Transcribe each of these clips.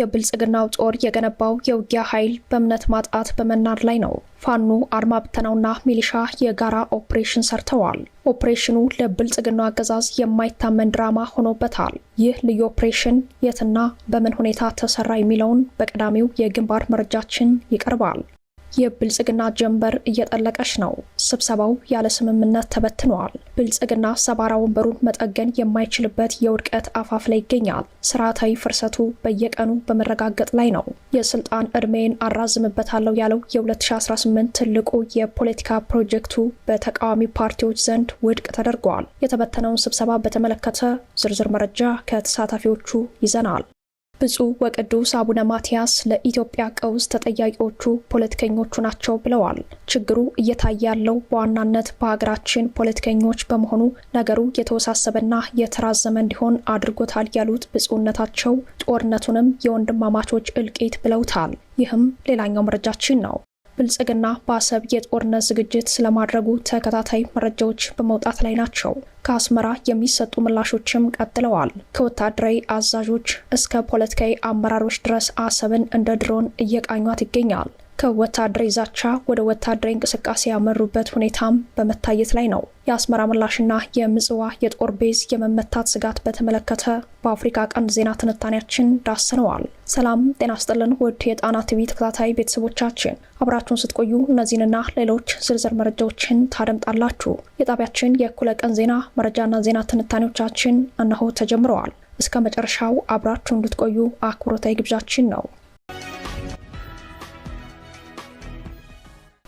የብልጽግናው ጦር የገነባው የውጊያ ኃይል በእምነት ማጣት በመናድ ላይ ነው። ፋኖ አድማ ብተናውና ሚሊሻ የጋራ ኦፕሬሽን ሰርተዋል። ኦፕሬሽኑ ለብልጽግናው አገዛዝ የማይታመን ድራማ ሆኖበታል። ይህ ልዩ ኦፕሬሽን የትና በምን ሁኔታ ተሰራ የሚለውን በቀዳሚው የግንባር መረጃችን ይቀርባል። የብልጽግና ጀንበር እየጠለቀች ነው። ስብሰባው ያለ ስምምነት ተበትነዋል። ብልጽግና ሰባራ ወንበሩን መጠገን የማይችልበት የውድቀት አፋፍ ላይ ይገኛል። ስርዓታዊ ፍርሰቱ በየቀኑ በመረጋገጥ ላይ ነው። የስልጣን ዕድሜን አራዝምበታለሁ ያለው የ2018 ትልቁ የፖለቲካ ፕሮጀክቱ በተቃዋሚ ፓርቲዎች ዘንድ ውድቅ ተደርጓል። የተበተነውን ስብሰባ በተመለከተ ዝርዝር መረጃ ከተሳታፊዎቹ ይዘናል። ብፁዕ ወቅዱስ አቡነ ማትያስ ለኢትዮጵያ ቀውስ ተጠያቂዎቹ ፖለቲከኞቹ ናቸው ብለዋል። ችግሩ እየታየ ያለው በዋናነት በሀገራችን ፖለቲከኞች በመሆኑ ነገሩ የተወሳሰበና የተራዘመ እንዲሆን አድርጎታል ያሉት ብፁዕነታቸው ጦርነቱንም የወንድማማቾች እልቂት ብለውታል። ይህም ሌላኛው መረጃችን ነው። ብልጽግና በአሰብ የጦርነት ዝግጅት ስለማድረጉ ተከታታይ መረጃዎች በመውጣት ላይ ናቸው። ከአስመራ የሚሰጡ ምላሾችም ቀጥለዋል። ከወታደራዊ አዛዦች እስከ ፖለቲካዊ አመራሮች ድረስ አሰብን እንደ ድሮን እየቃኟት ይገኛል። ከወታደራዊ ዛቻ ወደ ወታደራዊ እንቅስቃሴ ያመሩበት ሁኔታም በመታየት ላይ ነው። የአስመራ ምላሽና የምጽዋ የጦር ቤዝ የመመታት ስጋት በተመለከተ በአፍሪካ ቀንድ ዜና ትንታኔያችን ዳስነዋል። ሰላም ጤና ስጥልን ውድ የጣና ቲቪ ተከታታይ ቤተሰቦቻችን አብራችሁን ስትቆዩ እነዚህንና ሌሎች ዝርዝር መረጃዎችን ታደምጣላችሁ። የጣቢያችን የእኩለ ቀን ዜና መረጃና ዜና ትንታኔዎቻችን እነሆ ተጀምረዋል። እስከ መጨረሻው አብራችሁ እንድትቆዩ አክብሮታዊ ግብዣችን ነው።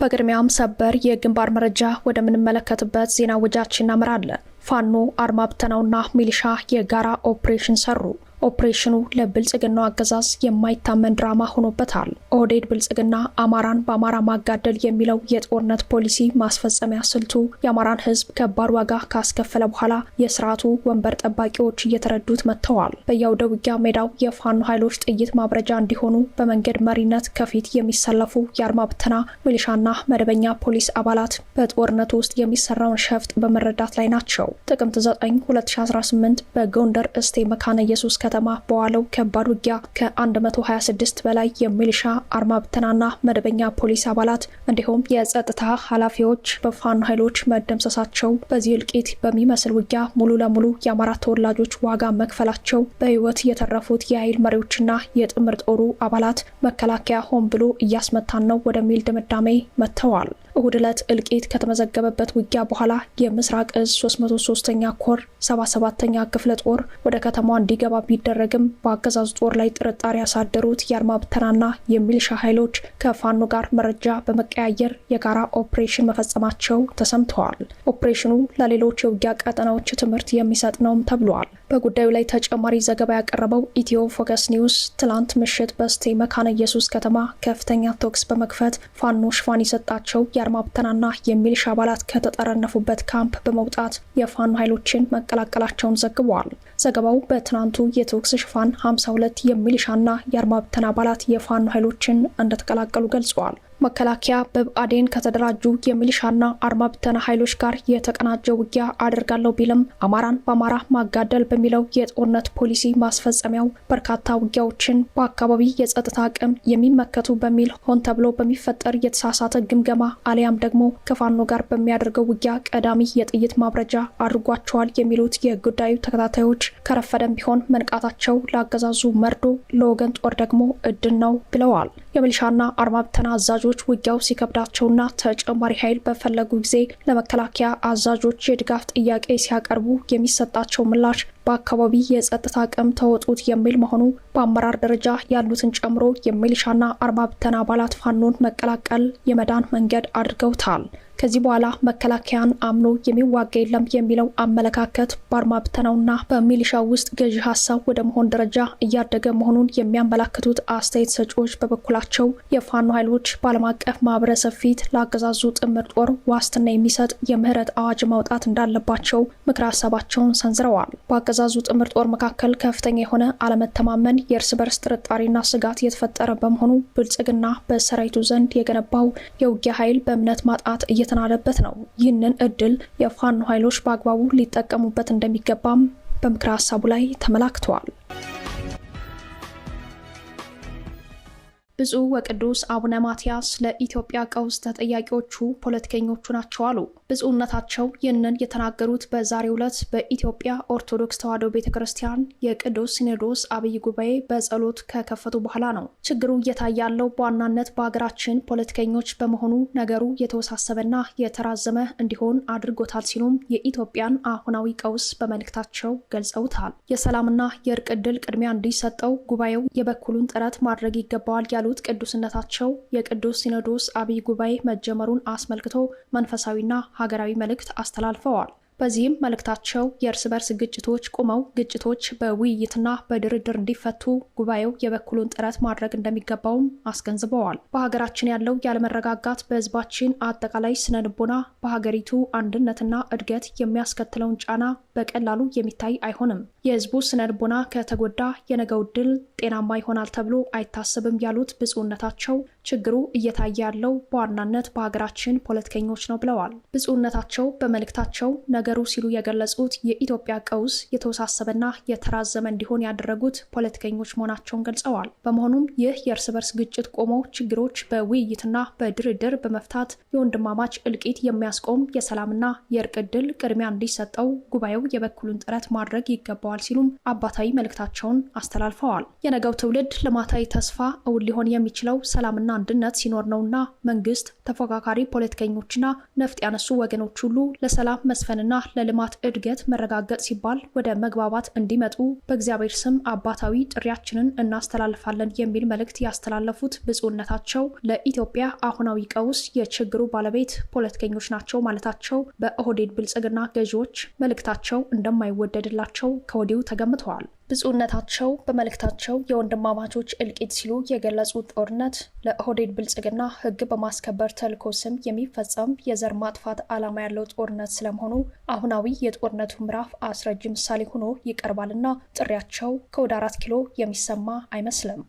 በቅድሚያም ሰበር የግንባር መረጃ ወደምንመለከትበት ዜና ወጃችን እናምራለን። ፋኖ አርማብተናውና ብተናውና ሚሊሻ የጋራ ኦፕሬሽን ሰሩ። ኦፕሬሽኑ ለብልጽግናው አገዛዝ የማይታመን ድራማ ሆኖበታል። ኦህዴድ ብልጽግና አማራን በአማራ ማጋደል የሚለው የጦርነት ፖሊሲ ማስፈጸሚያ ስልቱ የአማራን ሕዝብ ከባድ ዋጋ ካስከፈለ በኋላ የስርዓቱ ወንበር ጠባቂዎች እየተረዱት መጥተዋል። በየአውደ ውጊያ ሜዳው የፋኖ ኃይሎች ጥይት ማብረጃ እንዲሆኑ በመንገድ መሪነት ከፊት የሚሰለፉ የአድማ ብተና ሚሊሻና መደበኛ ፖሊስ አባላት በጦርነቱ ውስጥ የሚሰራውን ሸፍጥ በመረዳት ላይ ናቸው። ጥቅምት 9 2018 በጎንደር እስቴ መካነ ኢየሱስ ከተማ በዋለው ከባድ ውጊያ ከ126 በላይ የሚሊሻ አርማ ብተናና መደበኛ ፖሊስ አባላት እንዲሁም የጸጥታ ኃላፊዎች በፋኖ ኃይሎች መደምሰሳቸው በዚህ እልቂት በሚመስል ውጊያ ሙሉ ለሙሉ የአማራ ተወላጆች ዋጋ መክፈላቸው በህይወት የተረፉት የኃይል መሪዎችና የጥምር ጦሩ አባላት መከላከያ ሆን ብሎ እያስመታን ነው ወደሚል ድምዳሜ መጥተዋል። እሁድ ዕለት እልቂት ከተመዘገበበት ውጊያ በኋላ የምስራቅ እዝ 33 ኛ ኮር 77ኛ ክፍለ ጦር ወደ ከተማዋ እንዲገባ ቢደረግም በአገዛዙ ጦር ላይ ጥርጣሬ ያሳደሩት የአድማ ብተናና የሚልሻ ኃይሎች ከፋኖ ጋር መረጃ በመቀያየር የጋራ ኦፕሬሽን መፈጸማቸው ተሰምተዋል። ኦፕሬሽኑ ለሌሎች የውጊያ ቀጠናዎች ትምህርት የሚሰጥ ነውም ተብሏል። በጉዳዩ ላይ ተጨማሪ ዘገባ ያቀረበው ኢትዮ ፎከስ ኒውስ ትላንት ምሽት በስቴ መካነ ኢየሱስ ከተማ ከፍተኛ ተኩስ በመክፈት ፋኖ ሽፋን የሰጣቸው የአርማብተናና ብተናና የሚሊሻ አባላት ከተጠረነፉበት ካምፕ በመውጣት የፋኖ ኃይሎችን መቀላቀላቸውን ዘግበዋል። ዘገባው በትናንቱ የተኩስ ሽፋን 52 የሚሊሻና የአድማ ብተና አባላት የፋኖ ኃይሎችን እንደተቀላቀሉ ገልጸዋል። መከላከያ በብአዴን ከተደራጁ የሚሊሻና አርማ ብተና ኃይሎች ጋር የተቀናጀ ውጊያ አደርጋለሁ ቢልም አማራን በአማራ ማጋደል በሚለው የጦርነት ፖሊሲ ማስፈጸሚያው በርካታ ውጊያዎችን በአካባቢ የጸጥታ አቅም የሚመከቱ በሚል ሆን ተብሎ በሚፈጠር የተሳሳተ ግምገማ አሊያም ደግሞ ከፋኖ ጋር በሚያደርገው ውጊያ ቀዳሚ የጥይት ማብረጃ አድርጓቸዋል የሚሉት የጉዳዩ ተከታታዮች ከረፈደም ቢሆን መንቃታቸው ለአገዛዙ መርዶ፣ ለወገን ጦር ደግሞ እድል ነው ብለዋል። የሚሊሻና አርማ ብተና አዛዦች ኃይሎች ውጊያው ሲከብዳቸውና ተጨማሪ ኃይል በፈለጉ ጊዜ ለመከላከያ አዛዦች የድጋፍ ጥያቄ ሲያቀርቡ የሚሰጣቸው ምላሽ በአካባቢ የጸጥታ አቅም ተወጡት የሚል መሆኑ በአመራር ደረጃ ያሉትን ጨምሮ የሚሊሻና አርማ ብተና አባላት ፋኖን መቀላቀል የመዳን መንገድ አድርገውታል። ከዚህ በኋላ መከላከያን አምኖ የሚዋጋ የለም የሚለው አመለካከት በአድማ ብተናውና በሚሊሻ ውስጥ ገዢ ሀሳብ ወደ መሆን ደረጃ እያደገ መሆኑን የሚያመላክቱት አስተያየት ሰጪዎች በበኩላቸው የፋኖ ኃይሎች በዓለም አቀፍ ማህበረሰብ ፊት ለአገዛዙ ጥምር ጦር ዋስትና የሚሰጥ የምህረት አዋጅ ማውጣት እንዳለባቸው ምክር ሀሳባቸውን ሰንዝረዋል። በአገዛዙ ጥምር ጦር መካከል ከፍተኛ የሆነ አለመተማመን፣ የእርስ በርስ ጥርጣሬና ስጋት የተፈጠረ በመሆኑ ብልጽግና በሰራዊቱ ዘንድ የገነባው የውጊያ ኃይል በእምነት ማጣት እየተ እየተናደበት ነው። ይህንን እድል የፋኖ ኃይሎች በአግባቡ ሊጠቀሙበት እንደሚገባም በምክረ ሀሳቡ ላይ ተመላክተዋል። ብፁዕ ወቅዱስ አቡነ ማትያስ ለኢትዮጵያ ቀውስ ተጠያቂዎቹ ፖለቲከኞቹ ናቸው አሉ። ብፁዕነታቸው ይህንን የተናገሩት በዛሬው ዕለት በኢትዮጵያ ኦርቶዶክስ ተዋሕዶ ቤተ ክርስቲያን የቅዱስ ሲኖዶስ አብይ ጉባኤ በጸሎት ከከፈቱ በኋላ ነው። ችግሩ እየታየ ያለው በዋናነት በሀገራችን ፖለቲከኞች በመሆኑ ነገሩ የተወሳሰበና የተራዘመ እንዲሆን አድርጎታል ሲሉም የኢትዮጵያን አሁናዊ ቀውስ በመልእክታቸው ገልጸውታል። የሰላምና የእርቅ ዕድል ቅድሚያ እንዲሰጠው ጉባኤው የበኩሉን ጥረት ማድረግ ይገባዋል ያሉት ቅዱስነታቸው የቅዱስ ሲኖዶስ አብይ ጉባኤ መጀመሩን አስመልክቶ መንፈሳዊና ሀገራዊ መልእክት አስተላልፈዋል። በዚህም መልእክታቸው የእርስ በርስ ግጭቶች ቆመው ግጭቶች በውይይትና በድርድር እንዲፈቱ ጉባኤው የበኩሉን ጥረት ማድረግ እንደሚገባውም አስገንዝበዋል። በሀገራችን ያለው ያለመረጋጋት በሕዝባችን አጠቃላይ ስነ ልቦና፣ በሀገሪቱ አንድነትና እድገት የሚያስከትለውን ጫና በቀላሉ የሚታይ አይሆንም። የህዝቡ ስነ ልቦና ከተጎዳ የነገው ድል ጤናማ ይሆናል ተብሎ አይታሰብም ያሉት ብፁዕነታቸው ችግሩ እየታየ ያለው በዋናነት በሀገራችን ፖለቲከኞች ነው ብለዋል። ብፁዕነታቸው በመልእክታቸው ነገሩ ሲሉ የገለጹት የኢትዮጵያ ቀውስ የተወሳሰበና የተራዘመ እንዲሆን ያደረጉት ፖለቲከኞች መሆናቸውን ገልጸዋል። በመሆኑም ይህ የእርስ በርስ ግጭት ቆሞ ችግሮች በውይይትና በድርድር በመፍታት የወንድማማች እልቂት የሚያስቆም የሰላምና የእርቅ ድል ቅድሚያ እንዲሰጠው ጉባኤው በማቅረብ የበኩሉን ጥረት ማድረግ ይገባዋል ሲሉም አባታዊ መልእክታቸውን አስተላልፈዋል። የነገው ትውልድ ልማታዊ ተስፋ እውን ሊሆን የሚችለው ሰላምና አንድነት ሲኖር ነውና መንግስት፣ ተፎካካሪ ፖለቲከኞችና ነፍጥ ያነሱ ወገኖች ሁሉ ለሰላም መስፈንና ለልማት እድገት መረጋገጥ ሲባል ወደ መግባባት እንዲመጡ በእግዚአብሔር ስም አባታዊ ጥሪያችንን እናስተላልፋለን የሚል መልእክት ያስተላለፉት ብፁዕነታቸው ለኢትዮጵያ አሁናዊ ቀውስ የችግሩ ባለቤት ፖለቲከኞች ናቸው ማለታቸው በኦህዴድ ብልጽግና ገዢዎች መልእክታቸው ወንድማቸው እንደማይወደድላቸው ከወዲሁ ተገምተዋል። ብፁዕነታቸው በመልእክታቸው የወንድማማቾች እልቂት ሲሉ የገለጹት ጦርነት ለኦህዴድ ብልጽግና ሕግ በማስከበር ተልኮ ስም የሚፈጸም የዘር ማጥፋት ዓላማ ያለው ጦርነት ስለመሆኑ አሁናዊ የጦርነቱ ምዕራፍ አስረጅ ምሳሌ ሆኖ ይቀርባልና ጥሪያቸው ከወደ አራት ኪሎ የሚሰማ አይመስልም።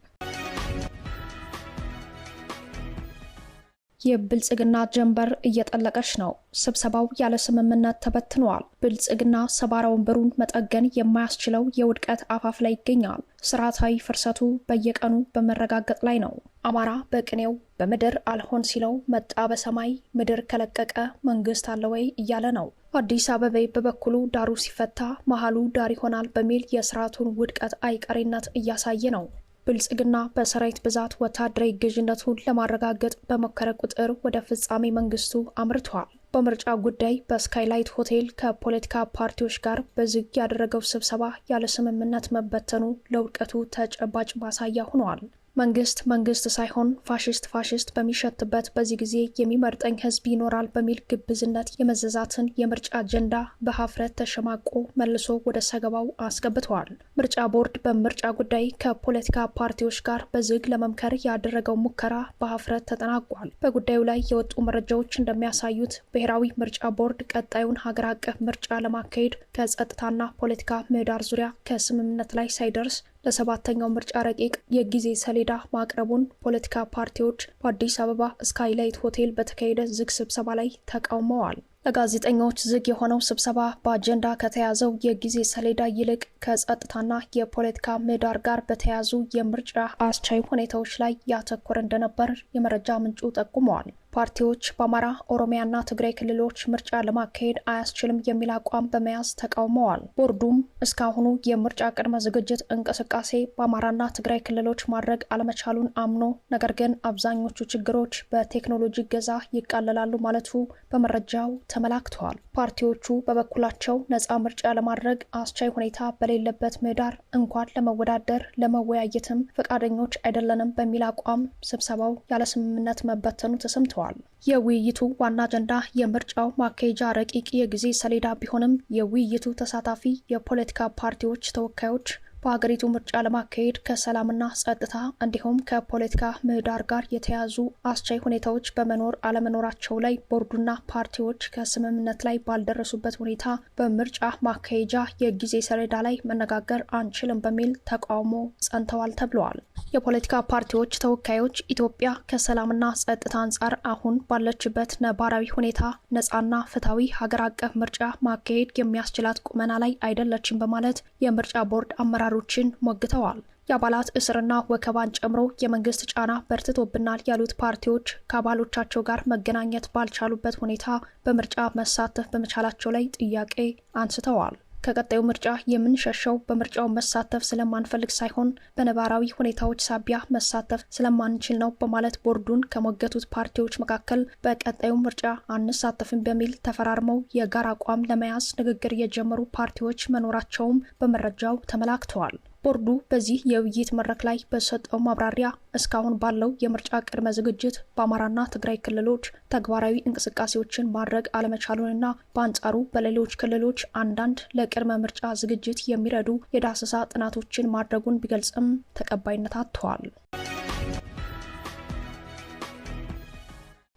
የብልጽግና ጀንበር እየጠለቀች ነው። ስብሰባው ያለ ስምምነት ተበትነዋል። ብልጽግና ሰባራ ወንበሩን መጠገን የማያስችለው የውድቀት አፋፍ ላይ ይገኛል። ስርዓታዊ ፍርሰቱ በየቀኑ በመረጋገጥ ላይ ነው። አማራ በቅኔው በምድር አልሆን ሲለው መጣ በሰማይ ምድር ከለቀቀ መንግስት አለ ወይ እያለ ነው። አዲስ አበቤ በበኩሉ ዳሩ ሲፈታ መሀሉ ዳር ይሆናል በሚል የስርዓቱን ውድቀት አይቀሬነት እያሳየ ነው። ብልጽግና በሰራዊት ብዛት ወታደራዊ ገዥነቱን ለማረጋገጥ በሞከረ ቁጥር ወደ ፍጻሜ መንግስቱ አምርቷል። በምርጫ ጉዳይ በስካይላይት ሆቴል ከፖለቲካ ፓርቲዎች ጋር በዝግ ያደረገው ስብሰባ ያለ ስምምነት መበተኑ ለውድቀቱ ተጨባጭ ማሳያ ሆኗል። መንግስት መንግስት ሳይሆን ፋሽስት ፋሽስት በሚሸትበት በዚህ ጊዜ የሚመርጠኝ ህዝብ ይኖራል በሚል ግብዝነት የመዘዛትን የምርጫ አጀንዳ በሀፍረት ተሸማቆ መልሶ ወደ ሰገባው አስገብተዋል። ምርጫ ቦርድ በምርጫ ጉዳይ ከፖለቲካ ፓርቲዎች ጋር በዝግ ለመምከር ያደረገው ሙከራ በሀፍረት ተጠናቋል። በጉዳዩ ላይ የወጡ መረጃዎች እንደሚያሳዩት ብሔራዊ ምርጫ ቦርድ ቀጣዩን ሀገር አቀፍ ምርጫ ለማካሄድ ከጸጥታና ፖለቲካ ምህዳር ዙሪያ ከስምምነት ላይ ሳይደርስ ለሰባተኛው ምርጫ ረቂቅ የጊዜ ሰሌዳ ማቅረቡን ፖለቲካ ፓርቲዎች በአዲስ አበባ ስካይላይት ሆቴል በተካሄደ ዝግ ስብሰባ ላይ ተቃውመዋል። ለጋዜጠኞች ዝግ የሆነው ስብሰባ በአጀንዳ ከተያዘው የጊዜ ሰሌዳ ይልቅ ከጸጥታና የፖለቲካ ምህዳር ጋር በተያያዙ የምርጫ አስቻይ ሁኔታዎች ላይ ያተኮረ እንደነበር የመረጃ ምንጩ ጠቁመዋል። ፓርቲዎች በአማራ ኦሮሚያና ትግራይ ክልሎች ምርጫ ለማካሄድ አያስችልም የሚል አቋም በመያዝ ተቃውመዋል። ቦርዱም እስካሁኑ የምርጫ ቅድመ ዝግጅት እንቅስቃሴ በአማራና ትግራይ ክልሎች ማድረግ አለመቻሉን አምኖ ነገር ግን አብዛኞቹ ችግሮች በቴክኖሎጂ ገዛ ይቃለላሉ ማለቱ በመረጃው ተመላክተዋል። ፓርቲዎቹ በበኩላቸው ነፃ ምርጫ ለማድረግ አስቻይ ሁኔታ በሌለበት ምህዳር እንኳን ለመወዳደር ለመወያየትም ፈቃደኞች አይደለንም በሚል አቋም ስብሰባው ያለ ስምምነት መበተኑ ተሰምተዋል። አቅርበዋል። የውይይቱ ዋና አጀንዳ የምርጫው ማካሄጃ ረቂቅ የጊዜ ሰሌዳ ቢሆንም የውይይቱ ተሳታፊ የፖለቲካ ፓርቲዎች ተወካዮች በሀገሪቱ ምርጫ ለማካሄድ ከሰላምና ጸጥታ እንዲሁም ከፖለቲካ ምህዳር ጋር የተያዙ አስቻይ ሁኔታዎች በመኖር አለመኖራቸው ላይ ቦርዱና ፓርቲዎች ከስምምነት ላይ ባልደረሱበት ሁኔታ በምርጫ ማካሄጃ የጊዜ ሰሌዳ ላይ መነጋገር አንችልም በሚል ተቃውሞ ጸንተዋል ተብለዋል። የፖለቲካ ፓርቲዎች ተወካዮች ኢትዮጵያ ከሰላምና ጸጥታ አንጻር አሁን ባለችበት ነባራዊ ሁኔታ ነጻና ፍትሐዊ ሀገር አቀፍ ምርጫ ማካሄድ የሚያስችላት ቁመና ላይ አይደለችም በማለት የምርጫ ቦርድ አመራር አመራሮችን ሞግተዋል። የአባላት እስርና ወከባን ጨምሮ የመንግስት ጫና በርትቶብናል ያሉት ፓርቲዎች ከአባሎቻቸው ጋር መገናኘት ባልቻሉበት ሁኔታ በምርጫ መሳተፍ በመቻላቸው ላይ ጥያቄ አንስተዋል። ከቀጣዩ ምርጫ የምንሸሸው በምርጫው መሳተፍ ስለማንፈልግ ሳይሆን በነባራዊ ሁኔታዎች ሳቢያ መሳተፍ ስለማንችል ነው በማለት ቦርዱን ከሞገቱት ፓርቲዎች መካከል በቀጣዩ ምርጫ አንሳተፍም በሚል ተፈራርመው የጋራ አቋም ለመያዝ ንግግር የጀመሩ ፓርቲዎች መኖራቸውም በመረጃው ተመላክተዋል። ቦርዱ በዚህ የውይይት መድረክ ላይ በሰጠው ማብራሪያ እስካሁን ባለው የምርጫ ቅድመ ዝግጅት በአማራና ትግራይ ክልሎች ተግባራዊ እንቅስቃሴዎችን ማድረግ አለመቻሉንና በአንጻሩ በሌሎች ክልሎች አንዳንድ ለቅድመ ምርጫ ዝግጅት የሚረዱ የዳሰሳ ጥናቶችን ማድረጉን ቢገልጽም ተቀባይነት አጥተዋል።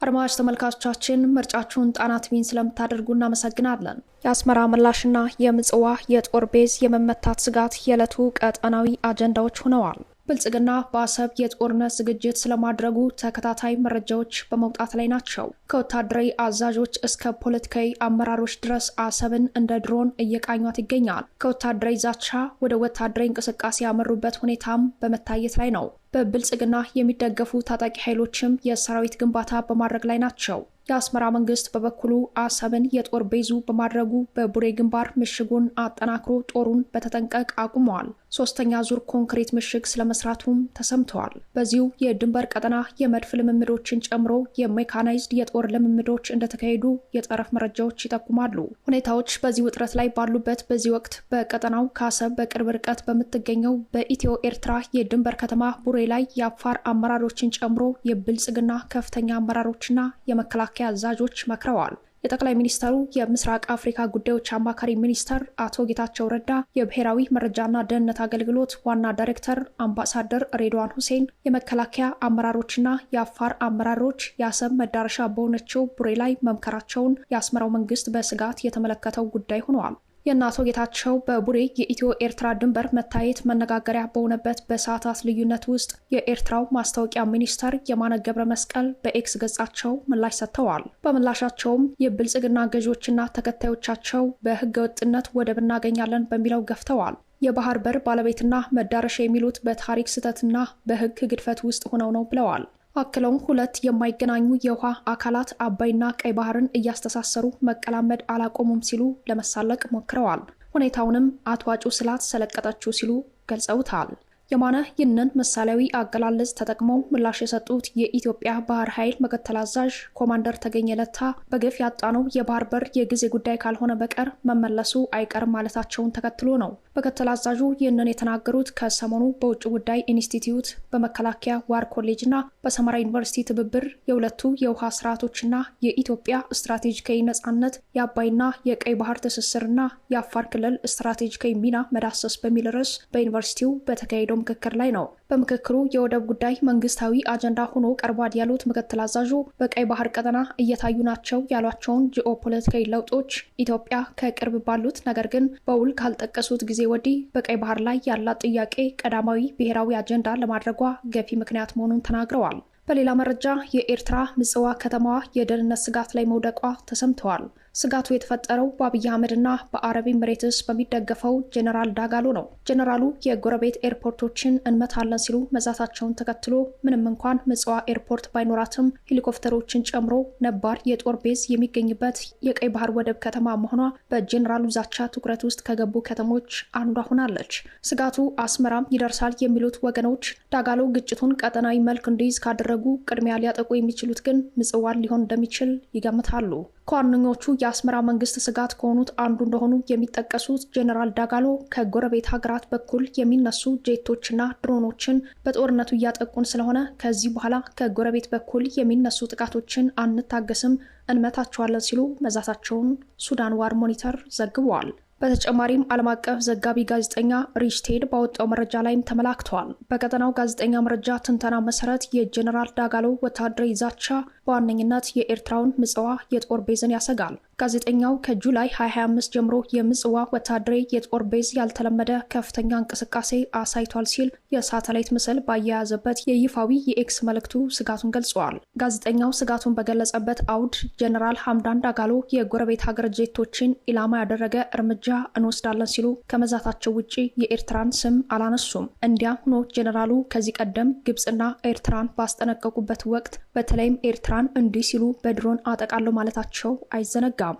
አድማጭ ተመልካቾቻችን ምርጫችሁን ጣና ቲቪን ስለምታደርጉ እናመሰግናለን። የአስመራ ምላሽና የምጽዋ የጦር ቤዝ የመመታት ስጋት የዕለቱ ቀጠናዊ አጀንዳዎች ሆነዋል። ብልጽግና በአሰብ የጦርነት ዝግጅት ስለማድረጉ ተከታታይ መረጃዎች በመውጣት ላይ ናቸው። ከወታደራዊ አዛዦች እስከ ፖለቲካዊ አመራሮች ድረስ አሰብን እንደ ድሮን እየቃኟት ይገኛል። ከወታደራዊ ዛቻ ወደ ወታደራዊ እንቅስቃሴ ያመሩበት ሁኔታም በመታየት ላይ ነው። በብልጽግና የሚደገፉ ታጣቂ ኃይሎችም የሰራዊት ግንባታ በማድረግ ላይ ናቸው። የአስመራ መንግስት በበኩሉ አሰብን የጦር ቤዙ በማድረጉ በቡሬ ግንባር ምሽጉን አጠናክሮ ጦሩን በተጠንቀቅ አቁመዋል። ሶስተኛ ዙር ኮንክሪት ምሽግ ስለመስራቱም ተሰምተዋል። በዚሁ የድንበር ቀጠና የመድፍ ልምምዶችን ጨምሮ የሜካናይዝድ የጦር ልምምዶች እንደተካሄዱ የጠረፍ መረጃዎች ይጠቁማሉ። ሁኔታዎች በዚህ ውጥረት ላይ ባሉበት በዚህ ወቅት በቀጠናው ከአሰብ በቅርብ ርቀት በምትገኘው በኢትዮ ኤርትራ የድንበር ከተማ ቡሬ ላይ የአፋር አመራሮችን ጨምሮ የብልጽግና ከፍተኛ አመራሮችና የመከላከያ አዛዦች መክረዋል። የጠቅላይ ሚኒስተሩ የምስራቅ አፍሪካ ጉዳዮች አማካሪ ሚኒስተር አቶ ጌታቸው ረዳ፣ የብሔራዊ መረጃና ደህንነት አገልግሎት ዋና ዳይሬክተር አምባሳደር ሬድዋን ሁሴን፣ የመከላከያ አመራሮችና የአፋር አመራሮች የአሰብ መዳረሻ በሆነችው ቡሬ ላይ መምከራቸውን የአስመራው መንግስት በስጋት የተመለከተው ጉዳይ ሆነዋል። የእነ አቶ ጌታቸው በቡሬ የኢትዮ ኤርትራ ድንበር መታየት መነጋገሪያ በሆነበት በሰዓታት ልዩነት ውስጥ የኤርትራው ማስታወቂያ ሚኒስተር የማነ ገብረ መስቀል በኤክስ ገጻቸው ምላሽ ሰጥተዋል። በምላሻቸውም የብልጽግና ገዢዎችና ተከታዮቻቸው በህገ ወጥነት ወደብ እናገኛለን በሚለው ገፍተዋል። የባህር በር ባለቤትና መዳረሻ የሚሉት በታሪክ ስህተትና በህግ ግድፈት ውስጥ ሆነው ነው ብለዋል። አክለውም ሁለት የማይገናኙ የውሃ አካላት አባይና ቀይ ባህርን እያስተሳሰሩ መቀላመድ አላቆሙም ሲሉ ለመሳለቅ ሞክረዋል። ሁኔታውንም አትዋጩ ስላት ሰለቀጠችው ሲሉ ገልጸውታል። የማነ ይህንን ምሳሌያዊ አገላለጽ ተጠቅመው ምላሽ የሰጡት የኢትዮጵያ ባህር ኃይል ምክትል አዛዥ ኮማንደር ተገኘ ለታ በግፍ ያጣነው የባህር በር የጊዜ ጉዳይ ካልሆነ በቀር መመለሱ አይቀርም ማለታቸውን ተከትሎ ነው። ምክትል አዛዡ ይህንን የተናገሩት ከሰሞኑ በውጭ ጉዳይ ኢንስቲትዩት፣ በመከላከያ ዋር ኮሌጅና በሰመራ ዩኒቨርሲቲ ትብብር የሁለቱ የውሃ ስርዓቶችና የኢትዮጵያ ስትራቴጂካዊ ነጻነት የአባይና የቀይ ባህር ትስስርና የአፋር ክልል ስትራቴጂካዊ ሚና መዳሰስ በሚል ርዕስ በዩኒቨርሲቲው በተካሄደው በተካሄደው ምክክር ላይ ነው። በምክክሩ የወደብ ጉዳይ መንግስታዊ አጀንዳ ሆኖ ቀርቧል ያሉት ምክትል አዛዡ በቀይ ባህር ቀጠና እየታዩ ናቸው ያሏቸውን ጂኦፖለቲካዊ ለውጦች ኢትዮጵያ ከቅርብ ባሉት ነገር ግን በውል ካልጠቀሱት ጊዜ ወዲህ በቀይ ባህር ላይ ያላት ጥያቄ ቀዳማዊ ብሔራዊ አጀንዳ ለማድረጓ ገፊ ምክንያት መሆኑን ተናግረዋል። በሌላ መረጃ የኤርትራ ምጽዋ ከተማዋ የደህንነት ስጋት ላይ መውደቋ ተሰምተዋል። ስጋቱ የተፈጠረው በአብይ አህመድና በአረብ ኤምሬትስ በሚደገፈው ጀኔራል ዳጋሎ ነው። ጀኔራሉ የጎረቤት ኤርፖርቶችን እንመታለን ሲሉ መዛታቸውን ተከትሎ ምንም እንኳን ምጽዋ ኤርፖርት ባይኖራትም ሄሊኮፕተሮችን ጨምሮ ነባር የጦር ቤዝ የሚገኝበት የቀይ ባህር ወደብ ከተማ መሆኗ በጀኔራሉ ዛቻ ትኩረት ውስጥ ከገቡ ከተሞች አንዷ ሆናለች። ስጋቱ አስመራም ይደርሳል የሚሉት ወገኖች ዳጋሎ ግጭቱን ቀጠናዊ መልክ እንዲይዝ ካደረጉ ቅድሚያ ሊያጠቁ የሚችሉት ግን ምጽዋን ሊሆን እንደሚችል ይገምታሉ። ከዋነኞቹ የአስመራ መንግስት ስጋት ከሆኑት አንዱ እንደሆኑ የሚጠቀሱት ጄኔራል ዳጋሎ ከጎረቤት ሀገራት በኩል የሚነሱ ጄቶችና ድሮኖችን በጦርነቱ እያጠቁን ስለሆነ ከዚህ በኋላ ከጎረቤት በኩል የሚነሱ ጥቃቶችን አንታገስም፣ እንመታቸዋለን ሲሉ መዛታቸውን ሱዳን ዋር ሞኒተር ዘግበዋል። በተጨማሪም ዓለም አቀፍ ዘጋቢ ጋዜጠኛ ሪችቴድ ባወጣው መረጃ ላይም ተመላክተዋል። በቀጠናው ጋዜጠኛ መረጃ ትንተና መሰረት የጄኔራል ዳጋሎ ወታደራዊ ዛቻ በዋነኝነት የኤርትራውን ምጽዋ የጦር ቤዝን ያሰጋል። ጋዜጠኛው ከጁላይ 25 ጀምሮ የምጽዋ ወታደራዊ የጦር ቤዝ ያልተለመደ ከፍተኛ እንቅስቃሴ አሳይቷል ሲል የሳተላይት ምስል ባያያዘበት የይፋዊ የኤክስ መልእክቱ ስጋቱን ገልጸዋል። ጋዜጠኛው ስጋቱን በገለጸበት አውድ ጀኔራል ሀምዳን ዳጋሎ የጎረቤት ሀገር ጄቶችን ኢላማ ያደረገ እርምጃ እንወስዳለን ሲሉ ከመዛታቸው ውጭ የኤርትራን ስም አላነሱም። እንዲያም ሆኖ ጀኔራሉ ከዚህ ቀደም ግብፅና ኤርትራን ባስጠነቀቁበት ወቅት በተለይም ኤርትራ ኢራን እንዲህ ሲሉ በድሮን አጠቃለሁ ማለታቸው አይዘነጋም።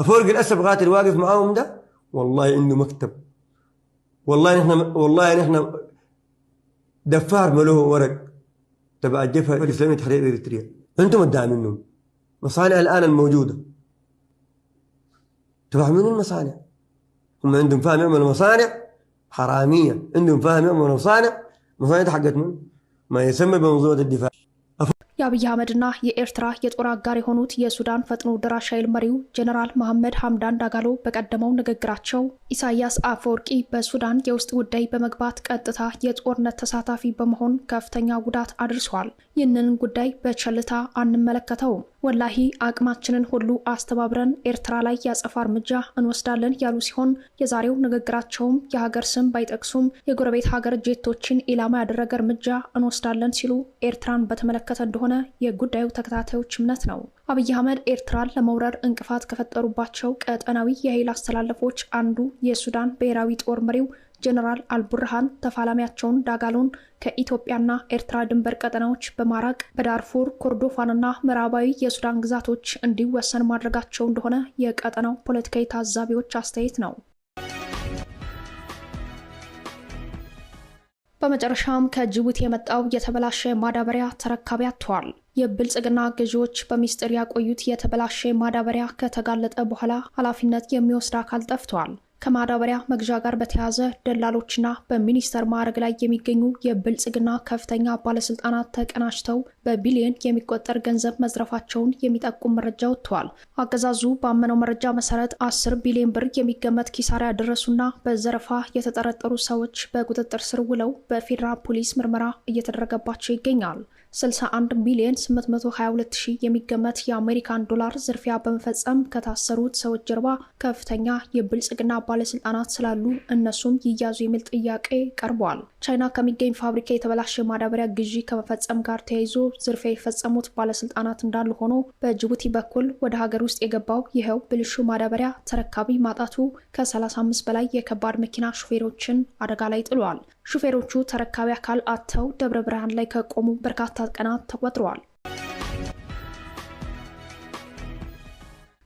አፈወርቂ الأسد قاتل واقف معاهم ده والله عنده مكتب والله نحن والله نحن دفار ما له ورق تبع الجبهة الإسلامية تحرير اريتريا أنتم الدعم منهم مصانع الآن الموجودة تفهمون المصانع هم عندهم فاهم يعملوا مصانع حرامية عندهم فاهم يعملوا مصانع مصانع حقت من ما يسمى بمنظومة الدفاع የአብይ አህመድና የኤርትራ የጦር አጋር የሆኑት የሱዳን ፈጥኖ ደራሽ ኃይል መሪው ጀኔራል መሐመድ ሐምዳን ዳጋሎ በቀደመው ንግግራቸው ኢሳያስ አፈወርቂ በሱዳን የውስጥ ጉዳይ በመግባት ቀጥታ የጦርነት ተሳታፊ በመሆን ከፍተኛ ጉዳት አድርሰዋል። ይህንን ጉዳይ በቸልታ አንመለከተውም። ወላሂ አቅማችንን ሁሉ አስተባብረን ኤርትራ ላይ ያጸፋ እርምጃ እንወስዳለን ያሉ ሲሆን የዛሬው ንግግራቸውም የሀገር ስም ባይጠቅሱም የጎረቤት ሀገር ጄቶችን ኢላማ ያደረገ እርምጃ እንወስዳለን ሲሉ ኤርትራን በተመለከተ እንደሆነ እንደሆነ የጉዳዩ ተከታታዮች እምነት ነው። አብይ አህመድ ኤርትራን ለመውረር እንቅፋት ከፈጠሩባቸው ቀጠናዊ የኃይል አስተላለፎች አንዱ የሱዳን ብሔራዊ ጦር መሪው ጀነራል አልቡርሃን ተፋላሚያቸውን ዳጋሎን ከኢትዮጵያና ኤርትራ ድንበር ቀጠናዎች በማራቅ በዳርፉር ኮርዶፋንና ምዕራባዊ የሱዳን ግዛቶች እንዲወሰን ማድረጋቸው እንደሆነ የቀጠናው ፖለቲካዊ ታዛቢዎች አስተያየት ነው። በመጨረሻም ከጅቡቲ የመጣው የተበላሸ ማዳበሪያ ተረካቢ አጥቷል። የብልጽግና ገዢዎች በሚስጥር ያቆዩት የተበላሸ ማዳበሪያ ከተጋለጠ በኋላ ኃላፊነት የሚወስድ አካል ጠፍቷል። ከማዳበሪያ መግዣ ጋር በተያያዘ ደላሎችና በሚኒስተር ማዕረግ ላይ የሚገኙ የብልጽግና ከፍተኛ ባለስልጣናት ተቀናጅተው በቢሊዮን የሚቆጠር ገንዘብ መዝረፋቸውን የሚጠቁም መረጃ ወጥተዋል። አገዛዙ ባመነው መረጃ መሰረት አስር ቢሊዮን ብር የሚገመት ኪሳራ ያደረሱና በዘረፋ የተጠረጠሩ ሰዎች በቁጥጥር ስር ውለው በፌዴራል ፖሊስ ምርመራ እየተደረገባቸው ይገኛል። 61 ሚሊዮን 822 ሺህ የሚገመት የአሜሪካን ዶላር ዝርፊያ በመፈጸም ከታሰሩት ሰዎች ጀርባ ከፍተኛ የብልጽግና ባለስልጣናት ስላሉ እነሱም ይያዙ የሚል ጥያቄ ቀርቧል። ቻይና ከሚገኝ ፋብሪካ የተበላሸ የማዳበሪያ ግዢ ከመፈጸም ጋር ተያይዞ ዝርፊያ የፈጸሙት ባለስልጣናት እንዳሉ ሆኖ በጅቡቲ በኩል ወደ ሀገር ውስጥ የገባው ይኸው ብልሹ ማዳበሪያ ተረካቢ ማጣቱ ከ35 በላይ የከባድ መኪና ሹፌሮችን አደጋ ላይ ጥሏል። ሹፌሮቹ ተረካቢ አካል አጥተው ደብረ ብርሃን ላይ ከቆሙ በርካታ ቀናት ተቆጥረዋል።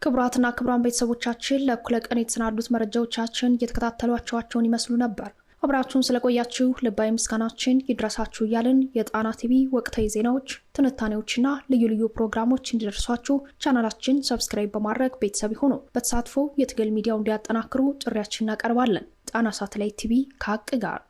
ክቡራትና ክቡራን ቤተሰቦቻችን ለእኩለ ቀን የተሰናዱት መረጃዎቻችን እየተከታተሏቸዋቸውን ይመስሉ ነበር። አብራችሁን ስለቆያችሁ ልባዊ ምስጋናችን ይድረሳችሁ እያልን የጣና ቲቪ ወቅታዊ ዜናዎች፣ ትንታኔዎችና ልዩ ልዩ ፕሮግራሞች እንዲደርሷችሁ ቻናላችን ሰብስክራይብ በማድረግ ቤተሰብ ሆኖ በተሳትፎ የትግል ሚዲያው እንዲያጠናክሩ ጥሪያችን እናቀርባለን። ጣና ሳተላይት ቲቪ ከሀቅ ጋር